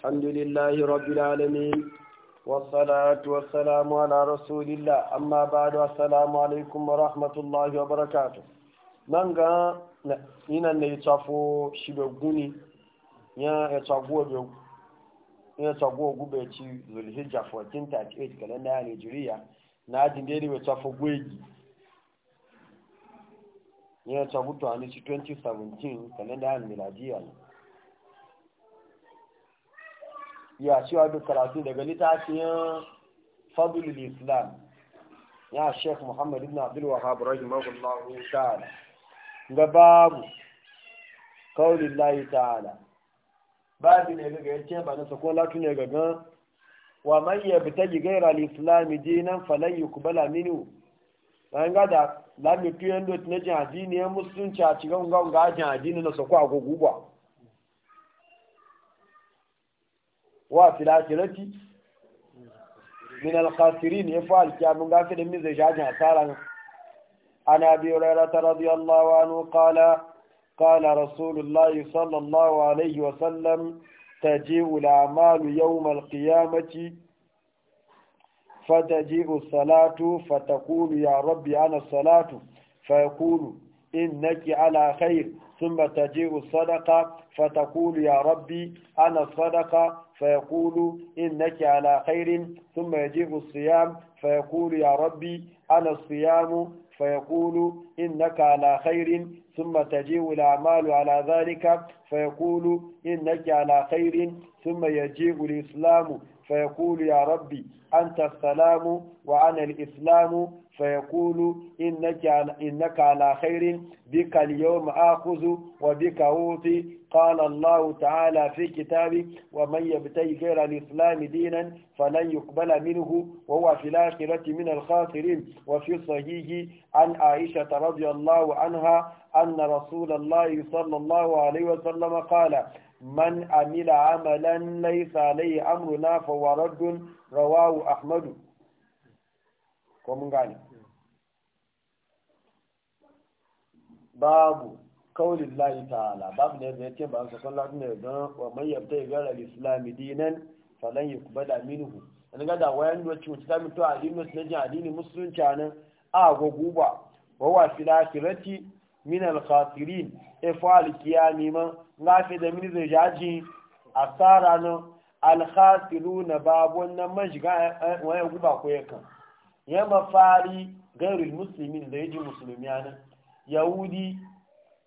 الحمد لله رب العالمين والصلاة والسلام على رسول الله أما بعد السلام عليكم ورحمة الله وبركاته نانغا ina ne tsafo shibeguni ya ya tsago be ya tsago gube ci zulhijja 1438 kalanda ya Nigeria na ajin dai be tsafo gwegi ya tsago to ani 2017 kalanda ya miladiya ya cewa duk karatu daga littafin fadlul islam ya sheikh muhammad ibn abdul wahhab rahimahullahu ta'ala ga babu kaulin layi ta'ala babu ne ga yace ba na sako latu ne ga gan wa man yabtaji ghayra al-islam dinan falan yuqbala minhu An ga da lamu tuyen do na jihadi ya musulunci a cikin ga ga jihadi na sako agogo ba wa fil akhirati min al khasirin ya fa gafi da min zai asara ana bi Ta radiyallahu anhu qala قال رسول الله صلى الله عليه وسلم تجيء الأعمال يوم القيامة فتجيء الصلاة فتقول يا ربي أنا الصلاة فيقول إنك ala خير ثم تجيء الصدقة فتقول يا ربي أنا الصدقة فيقول إنك على خير ثم يجيء الصيام فيقول يا ربي أنا الصيام فيقول إنك على خير ثم تجيء الأعمال على ذلك فيقول إنك على خير ثم يجيء الإسلام فيقول يا ربي أنت السلام وأنا الإسلام فيقول إنك إنك على خير بك اليوم آخذ وبك أوطي قال الله تعالى في كتابه ومن يبتغي غير الإسلام دينا فلن يقبل منه وهو في الآخرة من الخاسرين وفي صحيح عن عائشة رضي الله عنها أن رسول الله صلى الله عليه وسلم قال man amila amalan laisa lai amruna fa waraddun rawahu ahmadu ko mun babu kaulin layi ta'ala babu ne da yake ba su ne don wa man yabta ya gara islami dinan falan ya kuba da minuhu an gada wayan da cuta ta mutu a dinin na jin addinin musulunci nan a goguba wa wa filafirati min al-khasirin efo alkiyami ma lafi da mini zai jaji asara na alhasiru na babon nan man shiga wani guba ko yakan ya mafari gairul musulmi da ya ji musulmi nan yahudi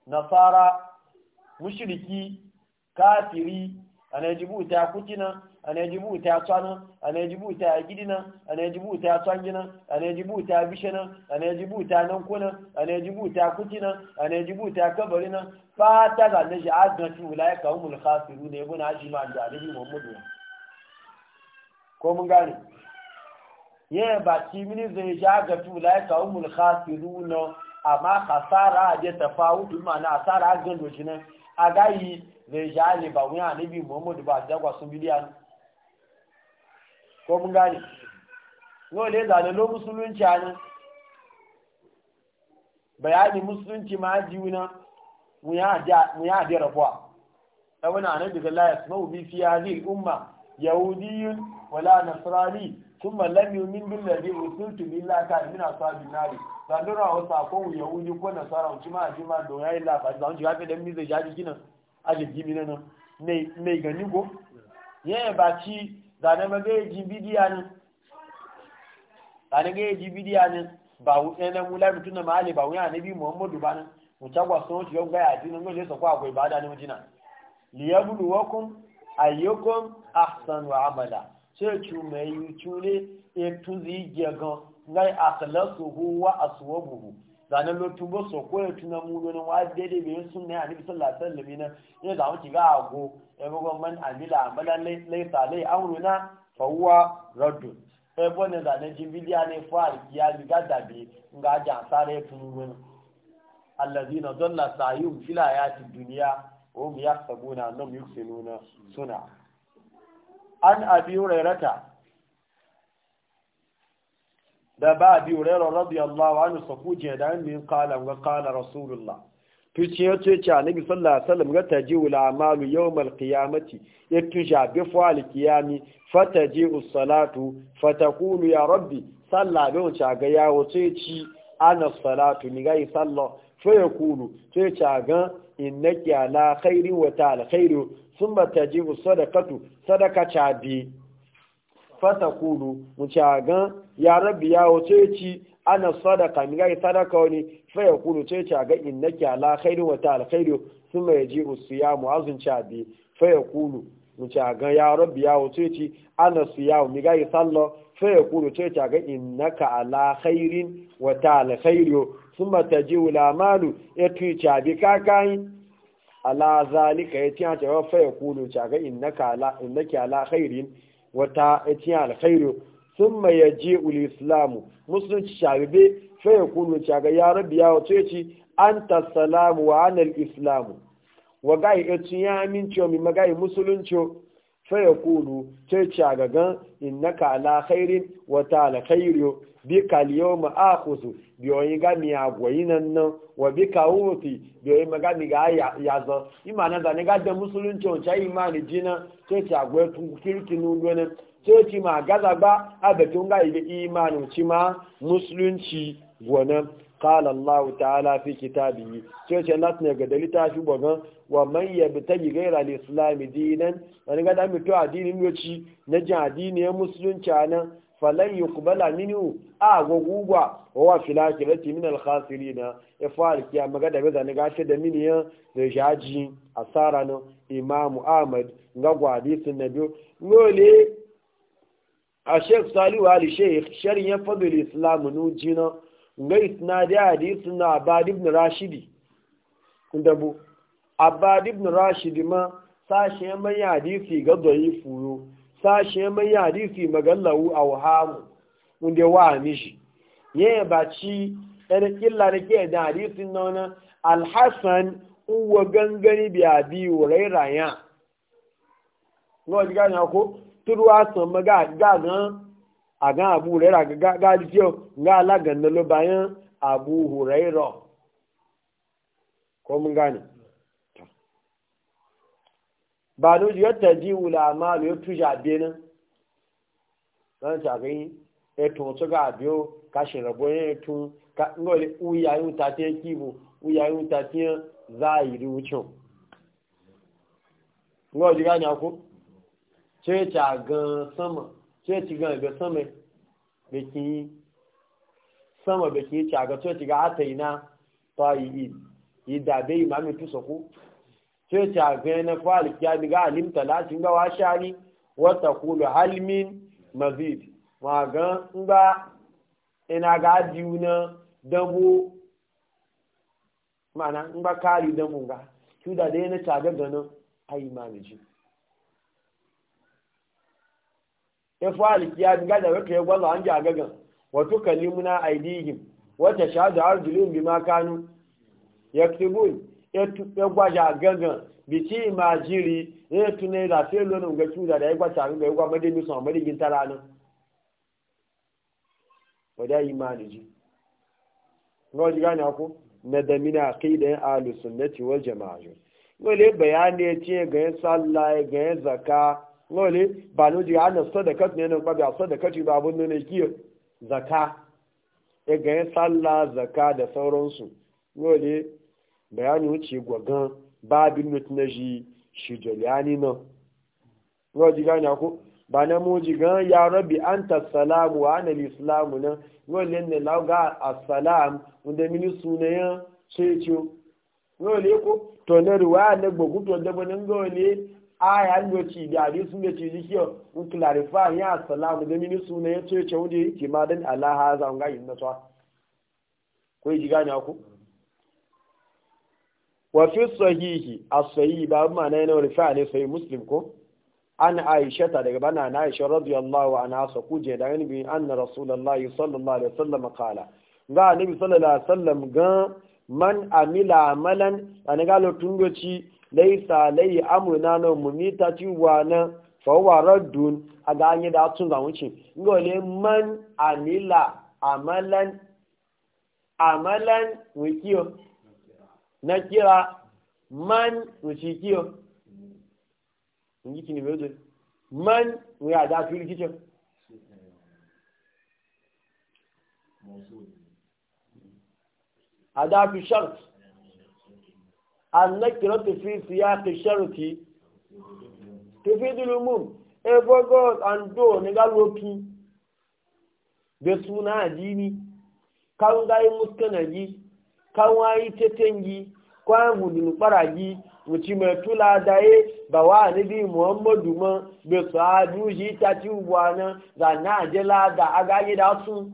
nasara mushiriki kafiri a najibu ta kuci nan ya anajibu ta tsana anajibu ta gidina anajibu ta tsangina anajibu ta bishina anajibu ta nankuna anajibu ta kutina anajibu ta kabarina fata ga naji agatu la ya kawo mulkhafiru ne ibn ajima da alibi muhammadu ko mun gane ye ba ti mini zai ja agatu la ya kawo mulkhafiru no amma khasara je tafawutu mana asara agando jinan agayi zai ja ne ba wuya alibi muhammadu ba dagwa sun bidiyan ko mun gane yau ne zane lo musulunci ne bayani musulunci ma jiuna mu ya haɗe rabuwa ɗabana a nan ya layas bi fi hadhihi umma yahudiyun wala nasrani thumma lam yu'min bil ladhi ursiltu billahi ka min ashabin nar zalura wa saqo yahudi ko nasara unci ma ji ma do yayi la fa zan ji hafe dan mi zai jaji kinan aje gimi nan ne ne gani ko ye ba ci zane ma ga ji bidiya nan zane ga ji bidiya nan ba wu ɗaya mu lafi tuna ma ali ba wuya nabi muhammadu ba nan mu tagwa sun wuce yau gaya addinin gwai zai sakwa akwai ba da ni mujina liyabluwakum ayyukum ahsanu amala sai cu mai yi cule e tuzi gegan ngai akhlasuhu wa aswabuhu zane lotu bo so ko tuna mu don wa dede be sunna ani sallallahu alaihi wasallam ne da wuce ga ago ya bugo man amila amalan laysa alai amruna fa huwa raddu sai bone da ne jin bidiya ne fa ya liga da bi nga ja sare tunun allazina dalla sayum fil ayati dunya wa hum yahsabuna annahum yuhsinuna suna an abi hurairata da ba abi hurairah radiyallahu ń na da min qala wa qala rasulullah tuci ya ce ce nabi sallallahu alaihi wasallam ga tajiul amalu yawmal qiyamati yatuja bi fa'al qiyami us salatu fatakulu ya rabbi sallah bi cha ga ya wuce ci ana salatu ni ga sallah fa kulu sai cha ga innaki la khairi wa ta'ala khairu thumma us sadaqatu sadaka cha bi fatakulu cha ga ya rabbi ya wuce ci ana sadaka ni ga sadaka wani faya kulu ce ta ga ki ala khairu wa ta'ala khairu thumma yaji'u siyamu azun cha bi Faya kulu mu cha ga ya rabbi ya wuce ci ana siyamu mi ga yi sallo Faya kulu ce ta ga ka ala khairin wa ta'ala khairu thumma taji'u la malu ya tu cha bi kakai ala zalika ya tiya ta faya kulu cha ga ka ala ki ala khairin wa ta'ala khairu summa yaji'u al-islamu musulunci shagabe fa yakunu shaga ya rabbi ya wace ci anta salamu wa anal islamu wa ga yace ya aminci mi magai musulunci fa yakunu ce shaga gan innaka ala khairin wa ta'ala khairu bika al-yawma akhudhu bi oyin ga mi agwayinan nan wa bika uti bi oyin maga mi ga ya zo imana da ne ga da musulunci o cha imani jina ce shagwe tun kirkinu gwanan sai ci ma gaza ba a da tun ga ile imanin ci ma musulunci gwanan kalallahu ta'ala fi kitabi yi sai ce nasu ne ga dalita shi bugan wa man yabi ta yi gaira da islami dinan wani gada mutu addinin yoci na jin addini musulunci a nan falon yi kubala minu a wa filaki rati min alhasiri na e ya fara kiya magada gaza na gashi da mini ya rishaji imamu ahmad ga gwadisun na biyu a sheikh salihu ali sheikh sharin ya fadul islam nu jina ga isnadi hadisi na abad ibn rashidi da bu abad ibn rashidi ma sashe mai hadisi ga doyi fuyo sashe mai hadisi magallahu wahamu unde wa mishi ye ba ci ɗan killa da ke da hadisin nona alhassan uwa gangani biya biyu rairaya. Ngo ji gani ko turu asan ma ga gan a gan abu huraira ga ga jiyo ga alagan na lo bayan abu huraira ko mun gane ba no ji yadda ji ulama lo ya tuja benin ran ta gani e to so ga biyo kashin rabo ne tun ka ngole uya yun ta te kibo uya yun ta te zairi wucin ngole ji gane ko church a gan sama church gan ga sama beki sama beki cha ga church ga ataina tayi idda be imami tu soko church a gan na fal kya diga alim talatin ga washani wa taqulu hal min mazid wa ga ba ina ga diuna dabo mana in ba kari da munga tuda da yana taga ganin ai imami ji ya fara kiya ga da wata ya an ji gagan wato kalimuna aidihim wata shahadu bi bima kanu yaktubun ya gwaja gagan bici ma jiri ya tunai da ga cuta da ya gwata ga ya gwama dai musamman madigin tara nan wadda imani ji ga wajen na damina kai na ciwar jama'a wale bayani ya ce ga yin sallah ga yin zaka lole ba no ji ana sadakat ne nan ba ba sadakati ba abun ne kiyo zaka e ga sallah zaka da sauransu lole bayani wuce gwagan babin mutnaji shi joliyani nan lole gani ko ba na moji gan ya rabbi anta salamu wa ana islamu nan lole ne lauga assalam wanda mini sunayen sai ce lole ko to na ruwa na gbagudu da banin lole aya ndo ci da hadisin da ci jikiyo in clarify ya assalamu da mini suna ya ce ce wanda yake ma dan Allah ha za ga yin naswa ko yi gani ku wa fi sahihi as-sahih ba ma na yana rifa ne sai muslim ko an aisha ta daga bana na aisha radiyallahu anha sa kuje da bi anna rasulullahi sallallahu alaihi wasallam qala ga annabi sallallahu alaihi wasallam ga man amila amalan an ga ci. laisa lai amurna na mummi ta ci na fawa raddun a ga an da tun da wuce ngole man amila amalan amalan wikiyo na kira man wuce kiyo in ji kini bezo man wuya da fi rikicin a da fi shart annakiratu fi siyaqi sharti tufidul umum e bogot ando ni galopi be suna ajini kan gai muskanaji kan wayi tetengi kwa mudin faraji muci mai tula daye ba wa nabi muhammadu ma be sadu ji ta ci ubwana da na jela da agagi da su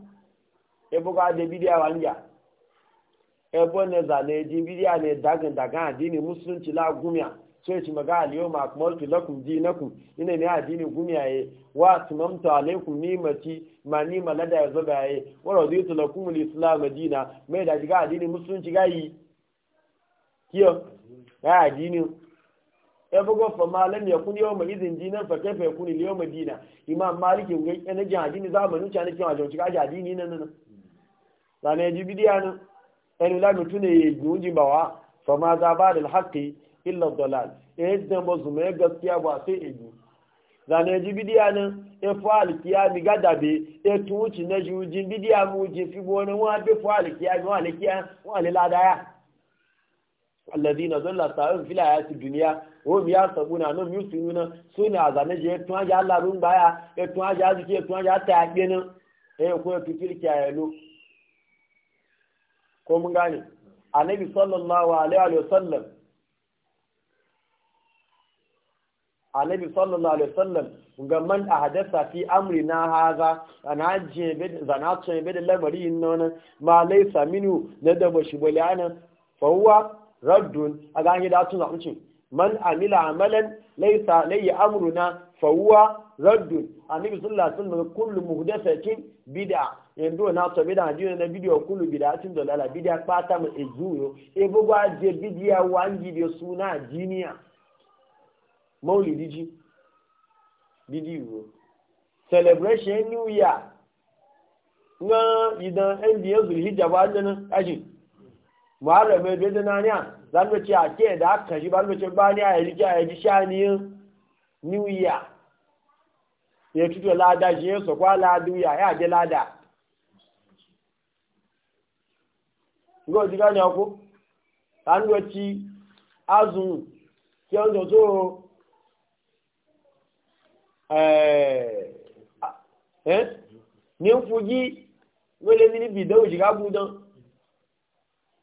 e boga da bidiya wanja ebo ne zane ji bidiya ne dagan dagan addini musulunci la gumiya so ya ci maga aliyo ma akmaltu lakum ku ina ne addini gumiya ye wa atmamtu alaikum nimati ma ni malada ya zo gaye wa raditu lakum alislam dina mai da diga addini musulunci yi kiyo ga addini ya bugo fa malam ya kun yawma izin dinan fa kaifa yakun yawma dina imam maliki ga yana jin addini zamanin ci ne kin wajen ci ga addini nan nan zane ji bidiya nan ẹni lámì tún lè yẹ̀gbìn oúnjẹ bà wá fọmọ azaba da haƙƙi ilẹ̀ dọ̀là ẹ̀ dán bọ̀ zùmọ̀ ẹ̀ gaskiya ba sai ẹ̀gbìn zànà ẹ̀jú bídíà ni ẹ̀ fọ́ àlìkíyà mi gádàbí ẹ̀ tún ó ti náà ju jí bídíà mu jí fi bọ́ ni wọ́n á bẹ́ fọ́ àlìkíyà mi wọ́n àlìkíyà wọ́n àlè ládàáyà. الذين ظل سائر في الحياة الدنيا هم يحسبون أنهم يحسنون سنة أذان جي توان جا الله رون بايا توان جا ذكي توان جا تاكين إيه كوي في تلك ko mun gane annabi sallallahu alaihi wa sallam annabi sallallahu alaihi wa sallam ga man ahadatha fi amri na haza ana jebe zana tsoyebe da labari inna ma laysa minu na da bashi bulana fa huwa raddun a an gida tun zamuci man amila amalan laysa lay amruna fa huwa raddun annabi sallallahu alaihi wa sallam kullu muhdathatin bid'a yanzu na so bi da na bidiyo kullu bi da atin dolala bidiya pata mu ezuyo e bugu aje bidiya wangi bi suna jiniya maulidi ji bidiyo celebration new year nga idan endi yanzu hijaba nan aji muharram be da nanya zan ce a ke da aka shi ban ce ba ni a yi e a yi e shani new year ya tuto lada je so kwa ladu ya ya je lada ngo ji gani ko an wati azun ki an do so eh eh ni fuji wele mini bidawo ji ga budan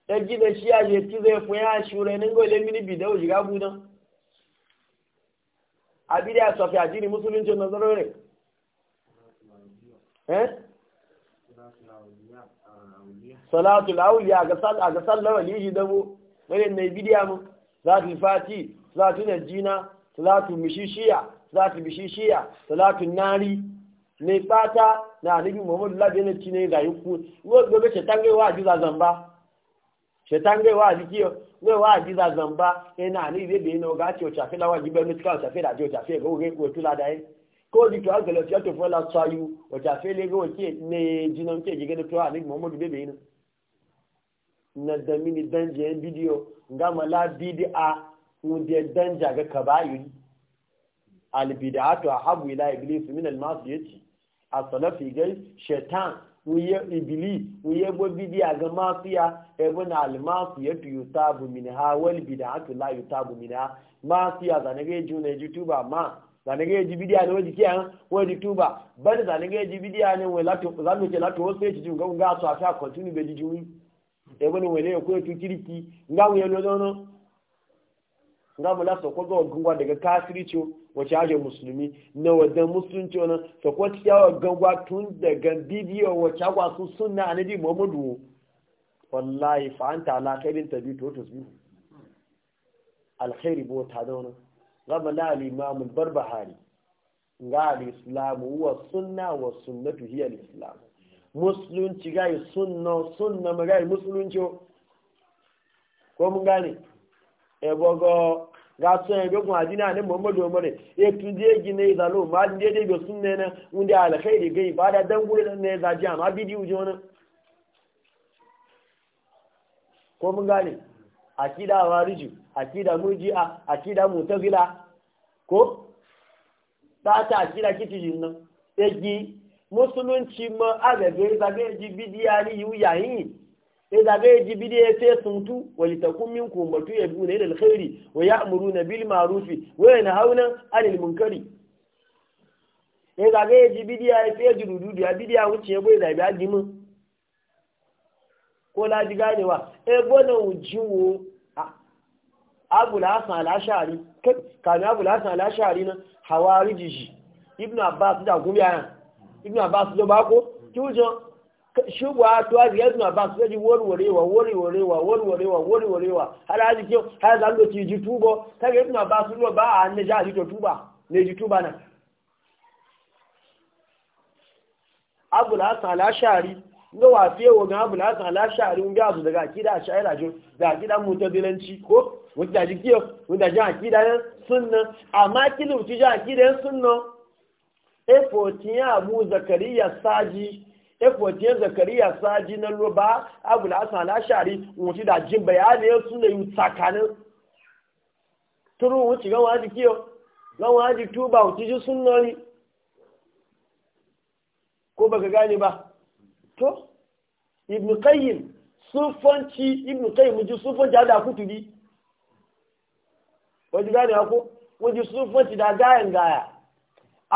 e ji da shi aje ti zai fun ya shure ni ngo le mini bidawo ji ga budan abiri asofi ajiri musulunci nazarin eh salatul awliya ga sal ga sallawa liji dabo bare ne bidiya mu Salatu fati salatu najina salatu mishishiya salatu mishishiya salatul nari ne fata na alibi muhammad labi ne cine da yuku wo gobe ce tangai wa ajiza zamba ce tangai wa ajiki wo wa ajiza zamba ina ali be be no ga ce o chafe lawa jibe mi tika o chafe da je o chafe go ge ko tula dai e. ko di to agalo ti o to fola sayu o chafe le go ti ne jinon ke jige to alibi muhammad be be no na da mini danje yan bidiyo ga mala bid'a wanda danja ga kabayir al a habu ila iblis min al masiyati as salafi gai shaitan wuye ibili wuye bo bidiya ga mafiya ibn e al masiyatu yusabu ha wal bid'atu la yusabu minha mafiya zane ga juna youtube ma zane ga ji bidiya ne waje kiyan waje tuba bari zane ga ji bidiya ne wai lato zanu ke lato wasu ya ci jin ga ga su a sha continue be ji juni ebone wele ya kuwa tukiriki nga mu yalo dono nga mu gbọ́gbọ́ daga káàkiri tí daga wọ́n ti aje musulmi na wadda musulunci wannan to ko ti yawa tun daga bidiyo a agwa su sunna annabi muhammadu wallahi fa anta to to alkhairi ta imam islam musulunci gai sunna sunna magai musulunci ko mun gane e ga so e gogun adina ne muhammadu umare e tuje gine zalo ma de de go sunne na unde alkhairi gai bada dan gure ne za ji amma bidi uje wona ko mun gane akida wariju akida murji'a akida mutazila ko ta ta akida kitijin nan eji. musulunci ma agaga zage ji bidiya ni yu yayin sai zage ji bidiya sai sun tu wali takum minkum ummatu yaduna ila alkhairi wa ya'muruna bil ma'rufi wa yanhauna 'anil munkari sai zage ji bidiya sai ji dudu ya bidiya wuce bai da biya dimin ko laji ganewa e bona ujiwo abu lasan alashari kami abu al alashari na hawariji ibnu abbas da gumiya ibn abbas ló bá kó kí ó jọ ṣùgbọ́n àti ibn abbas ló di wọ́rìwọ̀rẹ́wà wọ́rìwọ̀rẹ́wà wọ́rìwọ̀rẹ́wà wọ́rìwọ̀rẹ́wà aláàjì kí aláàjì ló ti ju túbọ̀ káyọ̀ ibn abbas lọ bá àánẹ́jà àdìjọ túbà lè ju túbà náà. abulhassan aláṣàárí ló wà fi èwo gan abulhassan aláṣàárí ń bí àzù daga daga dàjí kí dàjí àkídà àmá ti jẹ́ àkídà efotin abu zakariya saji efotin zakariya saji na luba abu da asa na shari wuce da jin bayanin su suna yi tsakanin turu wuce gan waji kiyo gan waji tuba wuce ji sun nori ko ka gane ba to ibn qayyim sufanci ibn qayyim ji sufanci da kutubi wajen gane ko wajen sufanci da gayan gaya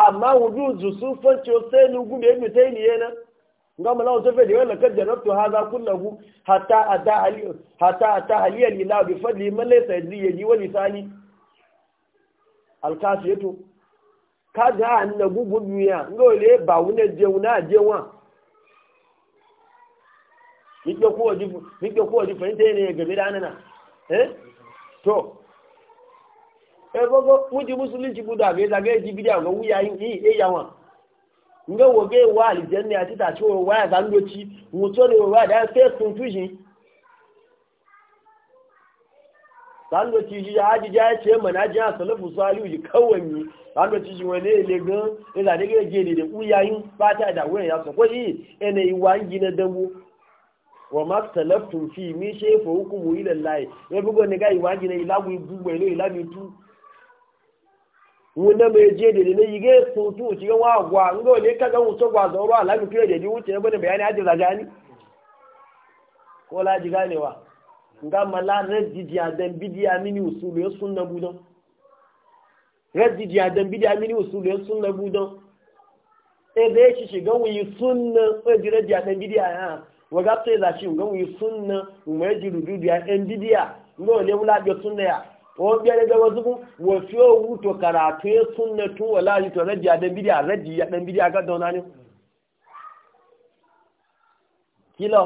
amma wudu zusufan ce sai ni gube ibn taymiya na ga mala wasu fa diwan lakad jarabtu hadha kullahu hatta ata ali hatta ata ali ila bi fadli man laysa yadri yaji wa lisani alkafiyatu kaga an na gugu duniya ngole ba wuna je wuna je wa nike kowa ji fahimta ne game da anana eh to ebogo muji musulunci buda be da ga ji bidiya ga wuya yi e nga wo ge wa aljanna ati ta ci wa ya zan doci muto ne wa da sai sun tuji zan doci ji ya haji ja ce mana ji salafu salihu ji kawai mi zan doci ji wani ele gan e da ga je ne da wuya yin fata da wuya ya so ko yi ene yi yi na dambu wa ma salaftun fi mi shefa hukumu ila lahi e bugo ne ga yi wa ji na ilagu gbugbe lo ilami wuna mai je da ne yi ga su tu ci ga wa gwa ngo ne ka ga mu to gwa zoro ala mi fiye da ji wuce bane bayani hadin rajani ko la ji ganewa nga mala reddi di adam bidi amini usulu ya sunna budon reddi di adam bidi amini usulu ya sunna budon e da yake shiga wuyi sunna ko di reddi adam bidi a wa ga sai da shi ga wuyi sunna mu e ya e e ji rudu di adam bidi ngo ne wula bi sunna ya wọ́n bí ẹni gẹ́gẹ́ sókún wọ́n fi owó tó kàràtú yẹ súnnà tún wọ́n láàrin tó rẹ́jì àdẹ́bídì àrẹ́jì àdẹ́bídì agádọ́ ne ni. kílọ̀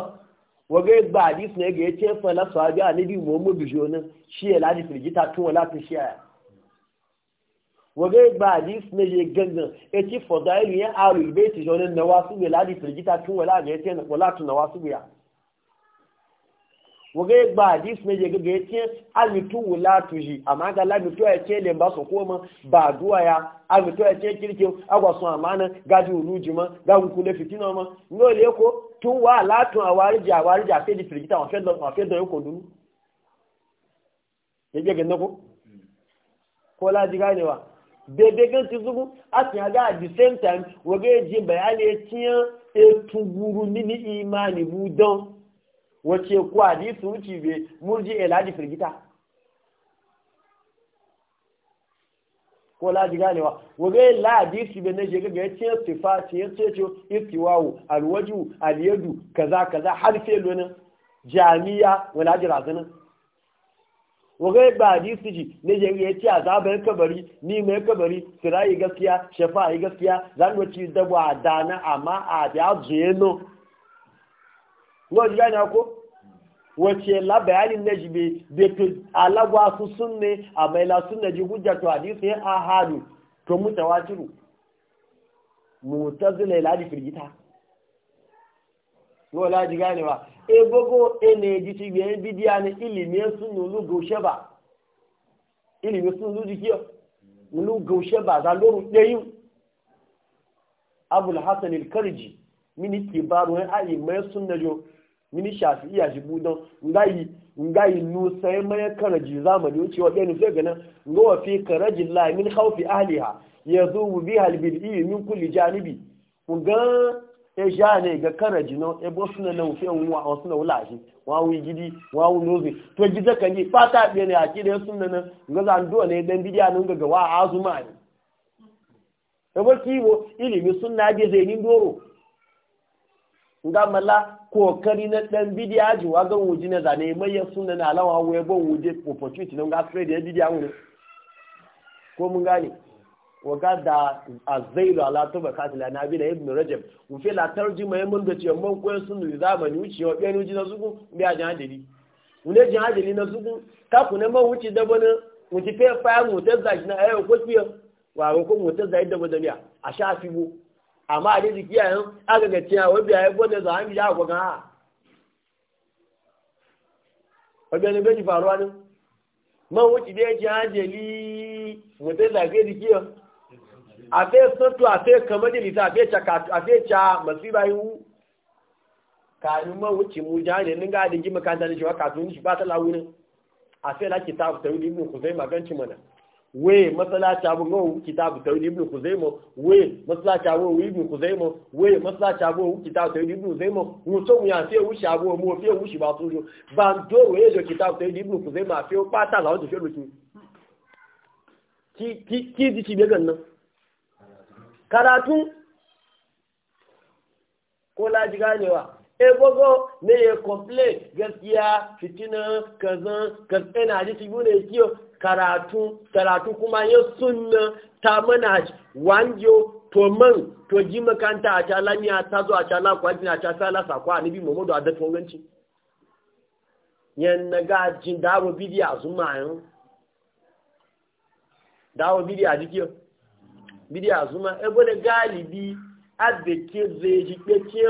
wọ́n gẹ́ gba àdìsí náà gẹ́gẹ́ tiẹ́ fún ẹ lásán àbí àníbi mọ́mọ́ bìjì ọ̀nà ṣí ẹ̀ láti fìrìjì ta tún wọn láti ṣí ẹ̀. wọ́n gẹ́ gba àdìsí náà yẹ gẹ́gàn etí fọ̀dá ẹ̀lú yẹn àrùn ìbéètì waga ba hadis ne ya ga yace amitu wala tuji amma ga la mitu ya ce lemba ba ya amitu ya ce kirkin agwa sun amana gaji ulujima ga ku le fitina ma no ko tun wa tun awari ja ko dunu ji gane wa at same time ji ya imani budan wace ku hadisi wuce be murji elaji eh, firgita ko laji ganewa waga la hadisi be ne ga ga ce sifa ce ce ce istiwawu alwaju alyadu kaza kaza har sai lonin jami'a wala jirazana waga ba hadisi ji ne je ya ce azaban kabari ni mai kabari sirayi gaskiya shafa'i gaskiya zan wuce dabwa dana amma a da zeno wọ́n yá ni ọkọ́ wace ti ẹ̀ lábẹ̀ jibe lẹ́jì bí alagwa su sunne a mai la sunna ji hujja to hadisi a hadu to mutawatiru mutazila la di firgita no la ji gane ba e gogo e ne ji ti bi bidiya ne ilimi sunnu lu ilimi sunnu ji kiyo ba za karji min kibaru ai mai mini shafi iya shi budon ngayi ngayi nu sai mai ji zamani wuce wa ɗani sai ganin ga wa fi karaji la min khawfi ahliha yazubu biha albid'i min kulli janibi kun e ga e jane ga ji no e bo suna na ufe wa o suna wula shi wa wi gidi wa wu nozi to gida kan yi fata bi ne a da sunna na ga zan do ne dan bidiya nan ga wa azuma ne e bo kiwo ilimi sunna je zai ni doro ngamala kokari na dan bidiya ji wa ga wuji na zane mai ya sunna na alawa wa ba wuje opportunity na ga da ya bidiya wuri ko mun gane wa ga da azailu ala tuba katila na bi da ibnu rajab mu fi la tarjuma mun da ce mun koyar sunu zamani wuce wa ɓen wuji na zugu biya jan hadiri wune jan hadiri na zugu ta ku ne man wuce da bana wuce fe fa mu ta zaji na ayo ko fiye wa ko mu ta zai da ni a sha fi mu." amma a daji kiyayen aka ga cewa wani biya ya gwada za a yi ya kwa kan ọjọ́ ni méjì faruwa ni mọ́ wọ́n ti dé ẹjẹ́ ájẹ̀lì mọ̀tẹ́lá gẹ́dìkí kama àfẹ́ sọ́tò àfẹ́ kan àfẹ́ ẹ̀cha mọ́ wọ́n ti ne shi wa àfẹ́ ba ta àfẹ́ ìdí mú we masalaci abun gawo kitabu tawhid ibn kuzaima we masalaci abun we ibn kuzaima we masalaci abun kitabu tawhid ibn kuzaima mu so mu ya se wushi abun mu fe wushi ba tuju ba do we do kitabu tawhid ibn kuzaima fe pa ta lawo do fe ruki ki ki ki ci be ganna karatu ko la ji ganewa e gogo ne ya complain gaskiya fitina kazan kazan e na ji tibu ne kiyo karatu karatu kuma ya sunna ta mana wanjo to man to ji makanta a ta lamiya ta zo a ta la a ta sala sakwa ni bi muhammadu a datu wanganci yan na jin dawo bidiya a zuma yan dawo bidiya jikiyo bidiya a zuma ebo da galibi adeke zai ji pe ke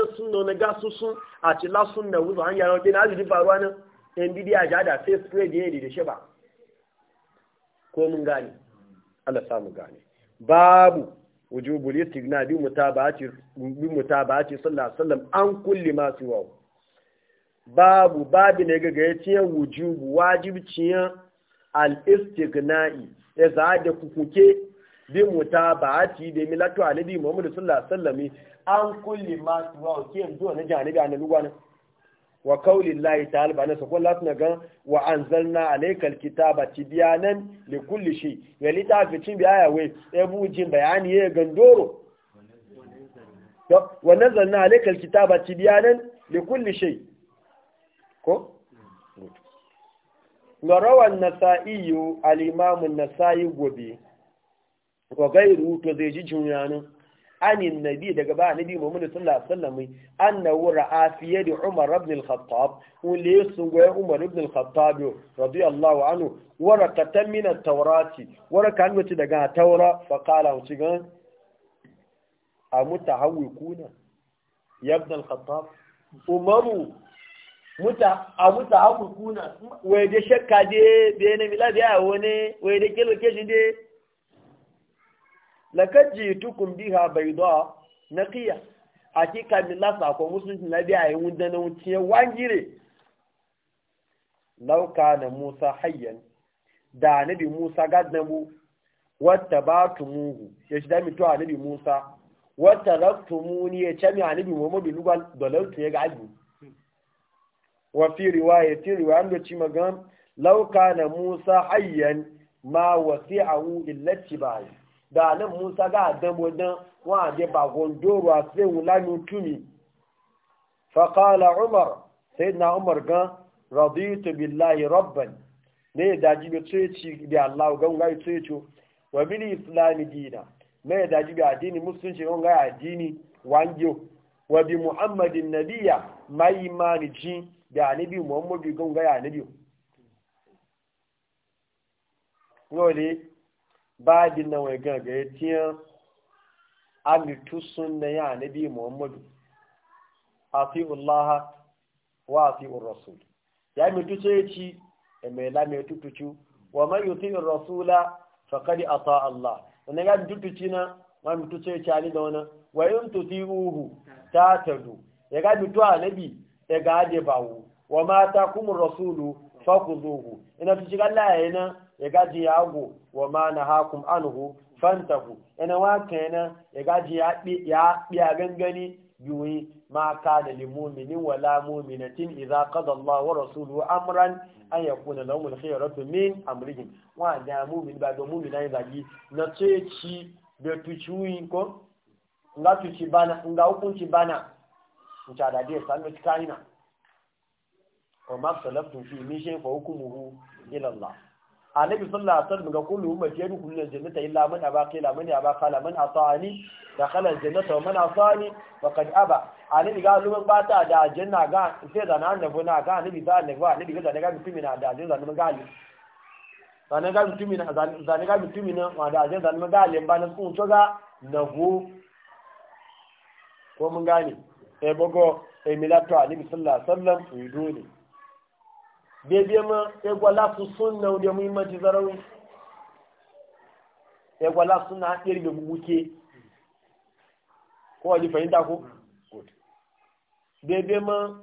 na gasu susun a ti lasun na wuzo an yaro pe faruwa nan yan bidiya a da sai spray da yadda da shi ko mun gane Allah samu gane babu wujubul istighna bi mutaba'ati bi mutaba'ati sallallahu alaihi wasallam an kulli ma siwa babu babu ne ga yace wujubu wajibciyan al istighna'i ya da kukuke bi mutaba'ati da milatu alabi muhammadu sallallahu alaihi wasallam an kulli ma siwa ke yanzu na janibi na lugwana wa kaulin layi ta halba na sakon latin gan wa an zalna alaikal kitaba tibiyanan da kulli shi ya littafi cin biyaya wai ebujin bayani ya gandoro wa nazarna alaikal kitaba tibiyanan da kulli shi ko? ga rawan nasa'iyu al'imamun nasa'i gobe wa gairu to zai ji juniyanin anin nabi daga ba nabi muhammad sallallahu alaihi wasallam annahu ra'a fi yadi umar ibn al-khattab wale sun goyen umar ibn al-khattab radiyallahu anhu warakatan min at-taurati warakan wace daga taura fa qala wace ga kuna ya ibn al-khattab umaru muta a mutahawikuna waye da shakka de bayanan miladi ya wani waye da kilo keshin de lakaji tukun biha bayda naqiya hakika min la lasa ko musulunci na biya yin wunda na wuce wangire law kana musa hayyan da nabi musa gadnabu wattaba'tumuhu ya shi da anabi Musa, nabi musa muni ya chami nabi muhammadu lugal dalaltu ya gaji wa fi riwaya fi riwaya ando ci magan law kana musa hayyan ma wasi'ahu illa tibai da nan musa ga adamu dan wa aje ba gondoro a sai wulani tuni fa qala umar na umar ga raditu billahi rabban ne da jibe tsoci da Allah ga ngai tsoci wa bil islam dina ne da jibe addini musulunci on ga addini wanjo wa bi muhammadin nabiyya mai imani ji da anibi muhammadu ga anibi. annabi ne. baadi na wai gaga ya tiya amitu sunna ya nabi muhammadu ullaha, wa a fi rasul ya mitu ce ci e mai la tutucu wa man yuti'ir rasula faqad ata allah wannan ga tutuci na ma mitu ce ci ali da wannan wa in uhu ta tadu ya ga mitu nabi ya e ga je bawo wa ma takumur rasulu fakuzuhu ina tu shiga Allah yana ya gaji ya gu wa ma na hakum anhu fantahu ina wa kana ya gaji ya a gangani yuyi ma kana lil ni wala mu'minatin idza qada Allah wa rasuluhu amran an yakuna lahum al-khiyaratu min amrihim wa da mu'min ba da mu'mina ya zagi na ce ci da tuciwi ko nga tuci bana nga hukunci bana dia sanu tikaina wa ma salaftu fi min shay fa hukmuhu ila Allah annabi sallallahu alaihi wasallam ga kullu ummati yadkhulu aljannata illa man aba qila man aba qala man ata'ani dakhala aljannata wa man asani faqad aba annabi ga lumin bata da janna ga sai da nan annabi na ga annabi da annabi wa annabi ga da ga mutumi na da janna nan ga ali sanan ga mutumi na sanan ga mutumi na wa da janna nan ga ali ba nan kun to ga nago ko mun gane E bogo sai eh, milato annabi sallallahu alaihi wasallam su dole bebe ma egwala su sunna wuri muhimmanci zarawi egwala suna iri da buke kowa ji fahimta ko? bebe ma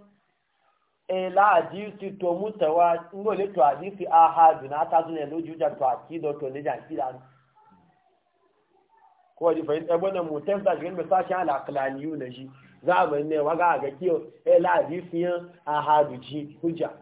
ela hadisi to mutawa ngole to hadisi a hadu na ta zuwa lo juja to akido to ne jan kida kowa ji fahimta ebona mutan sa shi mai sashen al'akalaniyu na shi za a bayan ne waga a ga kiyo ela hadisi yan a hadu ji hujja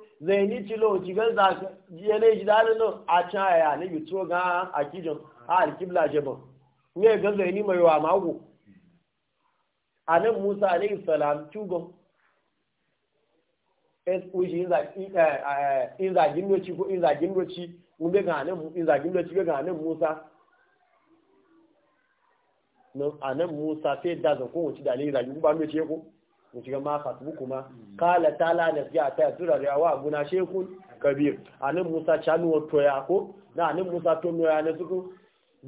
zaini cilo cigar da yana ji dalin nan a can a yana yi to ga a kijin a alkibla jaban ne ga zaini mai wa mago a nan musa alayhi salam tugon es eh, in zagin eh, doci ko in zagin doci mun ga nan in zagin doci ga nan musa a nan musa sai da zakon da alayhi zagin ba ko mu shiga ma fasbuku kuma kala tala da a ta tura da wa guna shekun kabir anan musa chanu Toya, ya ko na anan musa to ya na suku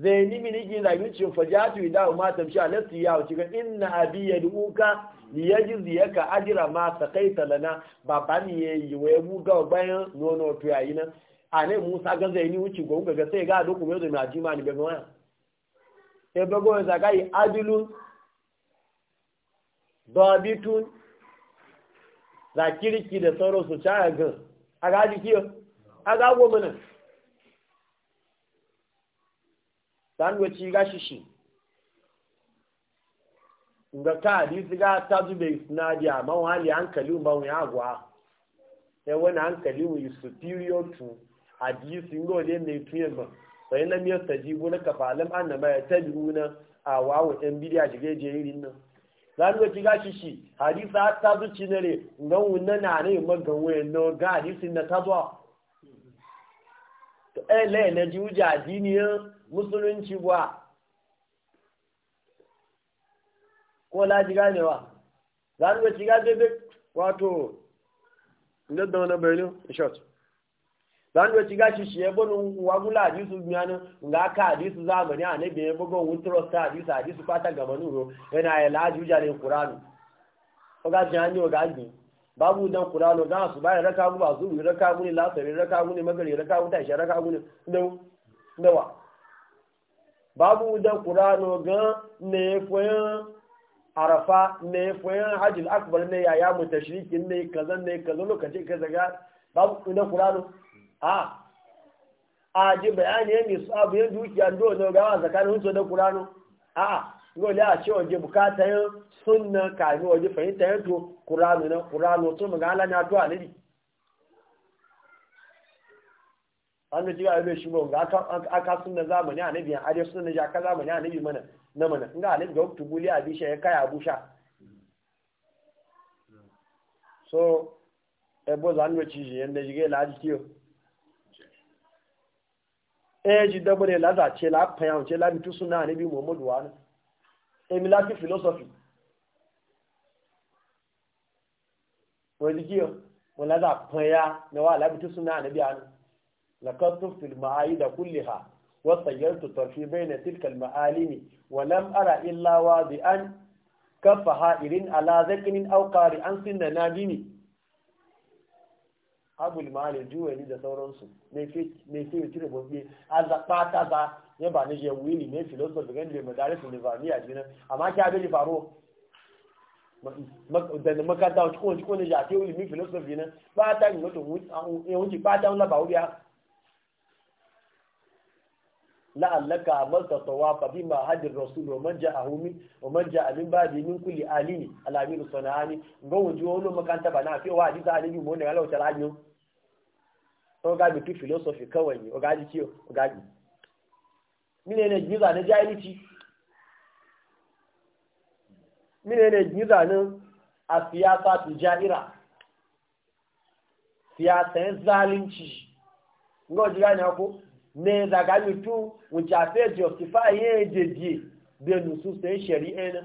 zai ni mini gi da mi cin fajatu da ma tamshi alati ya wuce ga inna abi yaduka li yajzi yaka ajra ma taqaita lana ba ni yayi waye mu ga bayan nono to yayi nan anan musa ga zai ni wuce gonga ga sai ga dokume da ma jima ni ga waya e bago zakai adilun dabitun za kirki da sauran su caya gan a gaji kiyo a gago mana sandwichi ga shishi ga ta su ga ta zube sinadi a mawali hankali ba mu yagwa sai wani hankali mu superior to hadisi ngo ne mai tuyen ba sai na miyar ta jibo na an na ya ta biyu na a wawo ɗan bidiyar jirgin jirgin nan zan ga gashi shi har ta zuci ne gan wunan na ne magan wayan no ga hadisi na ta zuwa to eh, le ne ji wuce addiniyar musulunci ba ko laji ganewa zanuwa ci gashi wato ne da wani bayanin shot zando ci gashi shi yabo nun wagula hadisu biyanu nga aka hadisu zamani a nabi yabo go wutro ta hadisu hadisu kwata gaba nuro yana ya laju jare qur'anu o ga jani o ga ji babu dan qur'anu ga su bayan raka mu ba su raka mu ni lasari raka mu ni magari raka mu ta shi raka mu ni dawo dawa babu dan kuranu ga ne foyan arafa ne foyan hajjul akbar ne ya ya mutashriki ne kaza ne kaza lokaci kaza ga babu dan kuranu. a a ji bayani ya misu abu ya dukiya ndo na gawa tsakanin hunso da kuranu a a dole a ce waje bukata yin sunna kami waje fahimta yin to kuranu na kuranu to mu gala na to alibi an ji a yabe shi ga aka sunna zamani a nabi a dai sunna ja zamani a nabi mana na mana alibi ga waktu buli a bisha ya kaya busha so ebo zanwe ci yanda jige laji kiyo eh ji da bane la da ce la payan ce la mitu suna ne bi muhammadu wa e mi la fi philosophy wani kiyo wala da paya na wa la mitu suna ne bi an bẹ́ẹ̀ fil ma'ayida lè wa sayyartu tarfi bayna lẹ́m ara ma'alimi wa lam ara illa wadi'an kafaha irin ala zakinin aw náà bí nadini abul mali juwani da sauransu ne fi yi tire bobe a zaɓa ta za ne ba na ne ili mai filosofi gan lemu da rufin nizamiya jina amma kya bai faro da makaranta wacce kowace ne ja ta yi ilimin filosofi na ba ta yi mutum ya wuce ba ta wula ba wuya la'allaka amalta tawafa bima hadir rasul wa man ja'a humi wa man ja'a min ba'di min kulli alini al-amir sanani ngawo jiwo no makanta bana fi wa hadisa alibi mo ne ala wata rajin o ga bi philosophy kawai ne o ga ji o ga ji mine ne giza na jahilci mine ne giza na a siyasa tu jahira siyasan zalunci ngo ji gane ko ne daga mutu wuce fe justify ye jeje da nusu sai shari'a e na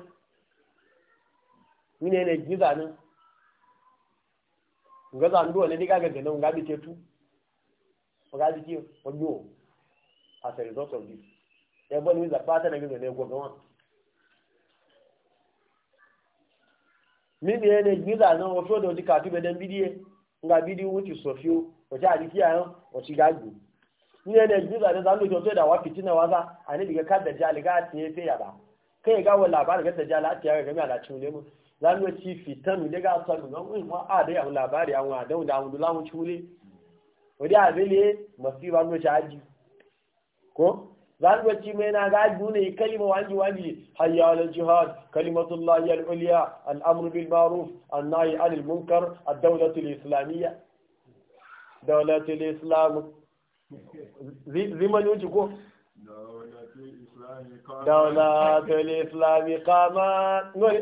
mine ne giza na ga zanduwa ne diga ga ganin ga bi tu. ọ̀gá bí kí wọ́n yóò as a result of this ẹgbọ́n ní ìzàpá àtẹnagé rẹ̀ lẹ́gbọ́ gan wọn. níbi ẹni ìgbìlà náà wọ́n fọ́dọ̀ ti kàtó bẹ̀dẹ̀ bídí ẹ̀ ńgbà bídí wọ́n ti sọ fí ó ọ̀tí àdìsí àyàn ọ̀tí gàgbó ní ẹni ìgbìlà náà lójú ọ̀tọ́ ìdàwà fìtí náà wáṣá àníbìgẹ́ kádẹ̀já àlẹ́gá àti ẹ̀fẹ́ yàrá kẹ́yìn gáwọ́ làbárẹ̀ kẹ́tẹ̀já láti ẹ̀rẹ̀ kẹ́mí àlàtí ilé mọ́ lánàá ti fìtánù lẹ́gà sọ́nù náà wọ́n àdéyàwó làbárẹ̀ àwọn àdéhùn wadi abele masiba no shaji ko zan wacce mai na ga dune kalima wangi wangi hayya al jihad kalimatullah al ulya al amr bil ma'ruf an nahy anil munkar ad dawlatu al islamiyya dawlatu al islam zima ne ko dawlatu al islam qama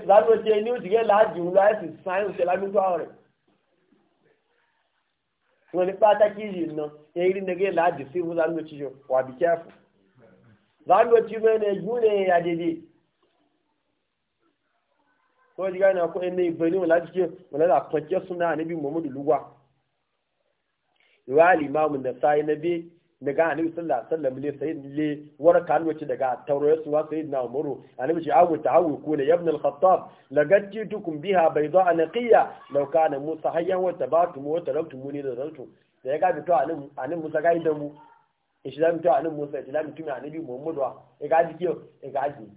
zan wacce ne wuce ga laji wala sai sai islamic power wani pataki yi nan ya yi rinna gai la'adi sai mu zanuwa cijo wa bi kyafu zanuwa cijo ne gune ya daidai ko ji gane ko ene ibani wala ji wala da kwakke suna nabi muhammadu lugwa wa al imam an-nasai nabi daga annabi sallallahu alaihi wasallam le sayyid le wara kan wace daga tauraya suwa wa sayyid na umaru annabi ce awu ta'awu kula ibn al-khattab lagajitukum biha bayda anqiya law kana musa hayyan wa tabatum wa taraktumuni da zantu da ya gaji to annabi annabi musa gai da mu islam to annabi musa islam tuni annabi muhammadu ya gaji kiyo e gaji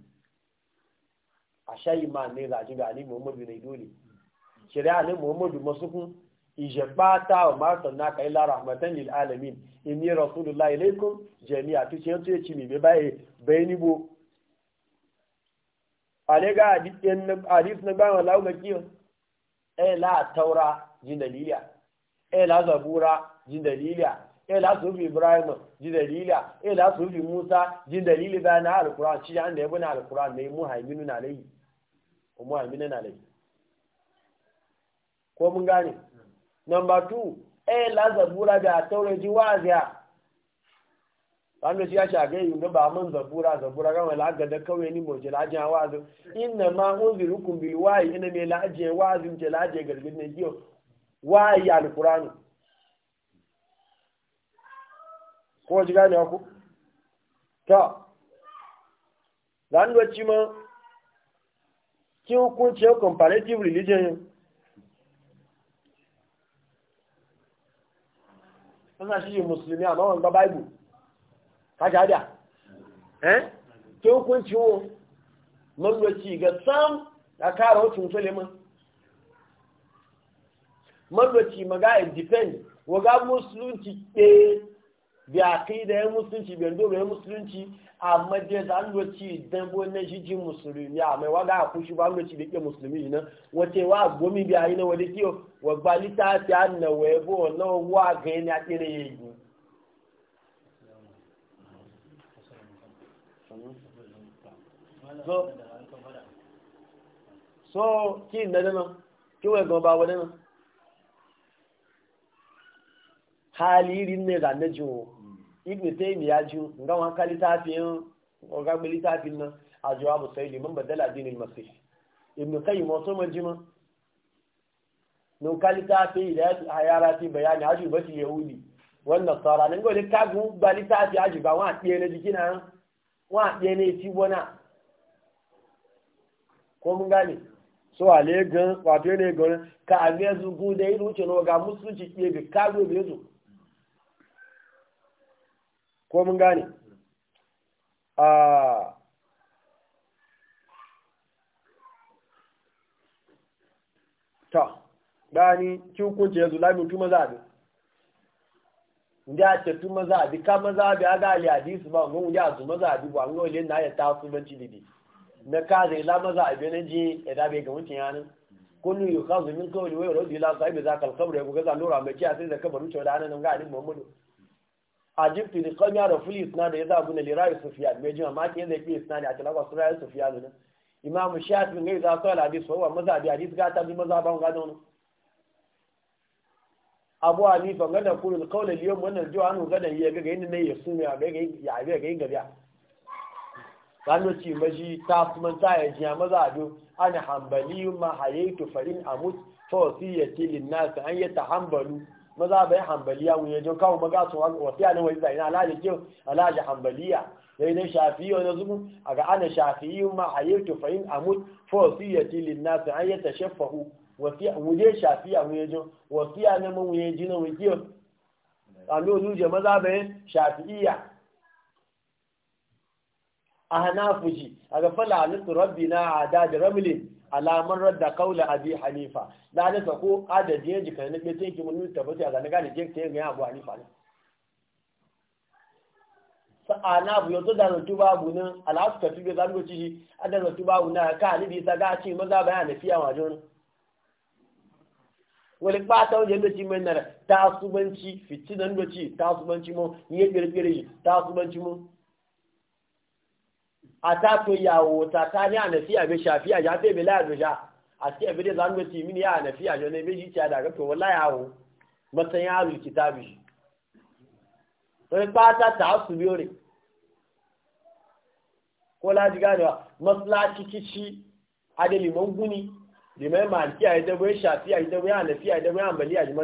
a shayi ma ne zaji ga annabi muhammadu ne dole shari'a ne muhammadu masukun ijabata wa marsan naka ila rahmatan lil alamin inni rasulullahi ilaykum jami'a to ce to yace mi be baye bayani bo alega adi hadis na bayan lawo makiyo eh la taura jin dalila eh la zabura e, ibrahim e, la musa jin alquran na ko mun gane Number two, ẹ la zabura da taure ji wa Wanda shi ya shaga yi ba man zabura zabura gama la gada kawai ni mo moje la'ajin wazi. Inna ma unzi rukun bi wa yi ina mai la'aje wazi ce la'aje gargadi ne giyo. Wayi alkurani. Ko ji gane ku? To. Zan ma kin kun ce comparative religion ọ̀nà náà ṣíṣe mùsùlùmí àmọ́ wọn gba báìbù kájáàdà ẹ́ tí ó kún tí ó mọ́lùwẹ̀tì ga sam a kára ó tún tó lè mọ́ mọ́lùwẹ̀tì maga it depend wọ́gá mùsùlùmí ti pé bí àkídà ẹ̀ mùsùlùmí bẹ̀ndó rẹ̀ mùsùlùmí amma dai za a lokaci dan na jiji musulmi a mai waga a kushi ba lokaci da ke musulmi na wace wa gomi biya yi na wani kiyo wa balita ta na webo na wa ga yana tsere ya yi so so ki na dana ki wai gaba wani nan hali ne da na jiwo ibn taymi ya ji nga wa kali tafin ko ga bili tafin nan a jawabu sayyid man badala dinil masih ibn qayyim wato majima no kali tafin da hayarati bayani haji bati yahudi wannan tsara nan gole ka gu bali tafi haji ba wa tiye na jikina wa tiye ne ti bona ko mun gani so ale gan wato ne gan ka amezu gu da iru ce no ga musulunci tiye ga kago bezu ko mun gane a ta gani ki hukunci yanzu lamin tu maza abi ndi ce tu maza abi ka maza abi a ga aliyadi su ba ngon wuli a su maza abi ba ngon wuli na ya ta su banci bibi na ka zai la maza abi na ji e ya dabe ga mutum yanin kullu yukhazu min kawai wa yurdu ila sahibi zakal qabr ya ga zalura mai a sai da kabarin cewa da nan ga alim muhammadu ni kan yaro arafu li da ya zabu na lirai sufyan me jima ma ke zai ki isnad a talaka surai sufyan ne imam shafi ne za ta hadis wa mazhabi hadis ga ta bi mazhaban ga don abu hanifa ga da kulul qawl al yawm wannan jo anu ga da ga yin ne ya sume ya ga ya ga ga ga kano ci maji ta kuma ta ya jiya maza ado ana hambali ma hayaitu farin amut fa wasiyati lin nas an hambalu. maza bai hambaliya wuye jo kawo maga su wasu yanin wani zaina na kiyo alaji hambaliya na ne yau na zubu a ga ana yi ma a yi tufayin amut fosiyati linnasu an yi ta shafahu hu shafiya wuye jo wasiya ne mun wuye jina wuye kiyo a lo zuje maza bai iya ahnafuji aga fala alitu rabbina adad ramlin alaman radda kaula abi hanifa da da ko adadi ya jika ne ke tinki mun tabbata ga na gane je ke ga abu hanifa ne sa ana bu yoto da rutu babu nan alasu ka tube zan go ci adan rutu babu na ka ni bi sa ga ci maza bayana fiya wajon wani ɓata wajen da ci mai nara tasubanci fitinan da ci tasubanci mu yi ƙirƙiri tasubanci mu àtàtò ìyàwó tàtà ní ànàfíà bí ṣàfíà já tèmi láàdùjá àti ẹ̀bẹ̀dẹ̀ lánàtì mí ní ànàfíà jọ ní méjì tí a dàgbà pẹ̀wọ́ láyàwó mọ́tẹ́yìn àrùn ìkìtàbì wọ́n bá tàtà àṣù bí òrè kó a de wa mọ́síláàkì kíkí adélìmọ́ gúni lèmọ́ mà tí àìdẹ́gbẹ́ ṣàfíà ìdẹ́gbẹ́ ànàfíà ìdẹ́gbẹ́ àmàlí ti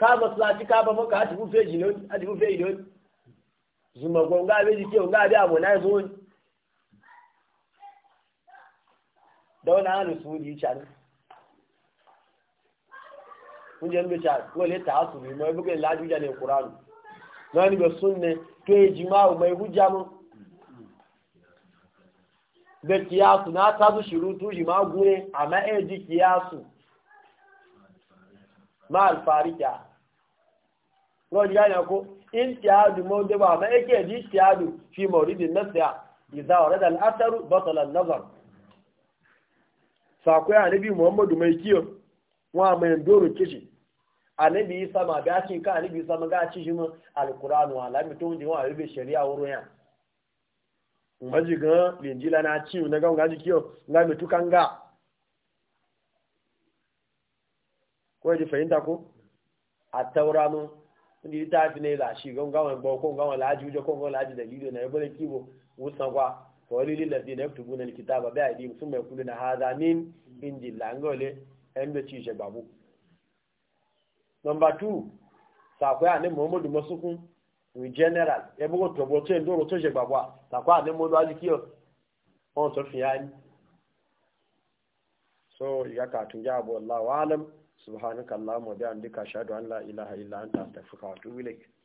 ká mọ́síláàkì ká bọ́ ti bu fèjì lónìí àtìkú fèjì lónìí zùmọ̀gbọ̀n ji méjì kí òun gáà dé àmọ̀ zo ni da wani ahalin su wuri cari kun jẹ́ ń lè cari wọ́n lè tàá sùn mọ́ ẹgbẹ́ ìlàjú ìjà ní ìkùránù náà ma sún ní tó èjì máa ọmọ ihu jámọ́ bẹ kíyàsù náà tàbí ṣìrú tó yìí máa gúnrẹ́ àmá ẹ̀dì kíyàsù máa fàárí kíá wọ́n jẹ́ àyànkó in kíyàdù mọ́ dẹ́gbà àmá ẹ̀kẹ́ ẹ̀dì kíyàdù fi mọ̀ rí sakwai anabi muhammadu mai kiyo wa mai doro kishi anabi isa ma ga cin ka anabi isa ma ga ci shi mu alqur'anu ala mi tun jiwa ayi be sharia woro ya maji ga linjila na ci na ga ngaji kiyo ga mi tukanga ko ji fahimta ko a taura mu ndi ta fi ne la shi ga ga wa bo ko ga wa la ju ko ga la ju dalilo na yabo ne kibo wusan kwa wani lillazi na yaktubu na likita ba bai adi sun mai kudu na haza min inji langole yan da cishe babu number two sakwai anin muhammadu masukun in general ya bugu toboto yin doro toshe babu a sakwai anin muhammadu azikiyo wọn sọ fiya ni so ya katun ya abu allah wa alam subhanaka allahumma bi an dika shahadu an la ilaha illa anta astaghfiruka wa atubu ilaik